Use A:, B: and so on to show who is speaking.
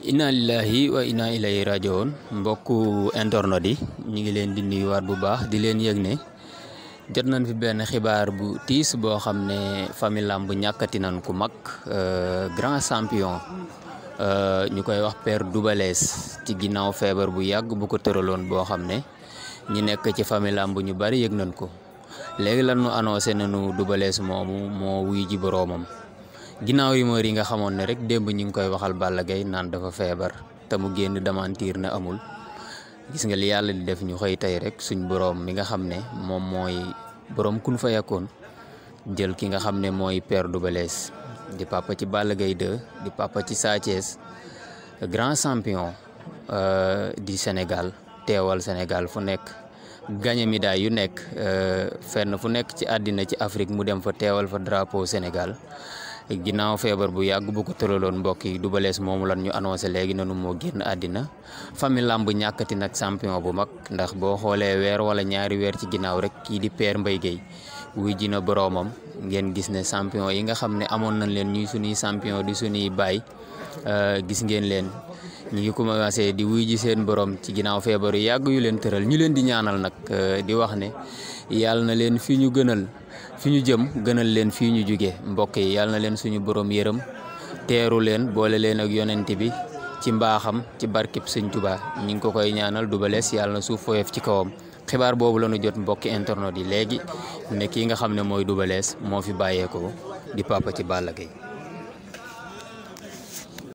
A: inna lillahi wa inna ilayhi rajiun mbokku internet yi ñu ngi leen di nuyuwaat bu baax di leen yëg ne jot nañ fi benn xibaar bu tiis boo xam ne famille làmb bu ñàkkati nañ ku mag euh, grand champion euh, ñu koy wax per dubalees ci ginnaaw feebar bu yàgg bu ko tëraloon boo xam ne ñi nekk ci famille làmb ñu bari yëg nañ ko léegi lan nu annoncé nañu moomu moo wuy ji boroomam ginnaaw rumeur yi nga xamoon ne rek démb ñu ngi koy waxal Balla gay naan dafa feebar te mu génn démentir na amul gis nga li yàlla di def ñu xëy tey rek suñ boroom mi nga xam ne moom mooy boroom kun fa yakkoon jël ki nga xam ne mooy père Double Less di papa ci Balla Gaye di papa ci Sa Thiès grand champion euh, di Sénégal teewal Sénégal fu nekk gagné médaille yu nekk euh, fenn fu nekk ci àddina ci Afrique mu dem fa teewal fa drapo Sénégal ginnaaw feebar bu yàgg bu ko tëraloon mbokk yi Double Less moomu lan ñu annoncé léegi nanu moo génn àddina famille làmb ñàkkati nag sampion bu mag ndax boo xoolee weer wala ñaari weer ci ginnaaw rek kii di Père Mbaye Guèye wuy ji na boroomam ngeen gis ne sampion yi nga xam ne amoon nañ leen ñuy suñuy sampion di suñuy baay euh, gis ngeen leen ñu ngi commencé di wuy ji seen borom ci ginnaaw feebar yu yàgg yu leen tëral ñu leen di ñaanal nag euh, di wax ne yàlla na leen fi ñu gënal. fi ñu jëm gënal leen fii ñu jóge mbokk yi yàlla na leen suñu borom yërëm teeru leen boole leen ak yonent bi ci mbaaxam ci barkib sëñ Tuubaa ñi ngi ko koy ñaanal du balees yàlla na suuf fooyof ci kawam xibaar boobu la nu jot mbokki internet yi léegi ne kii nga xam ne mooy dubalees moo fi bàyyeekoo di papa ci Balla yi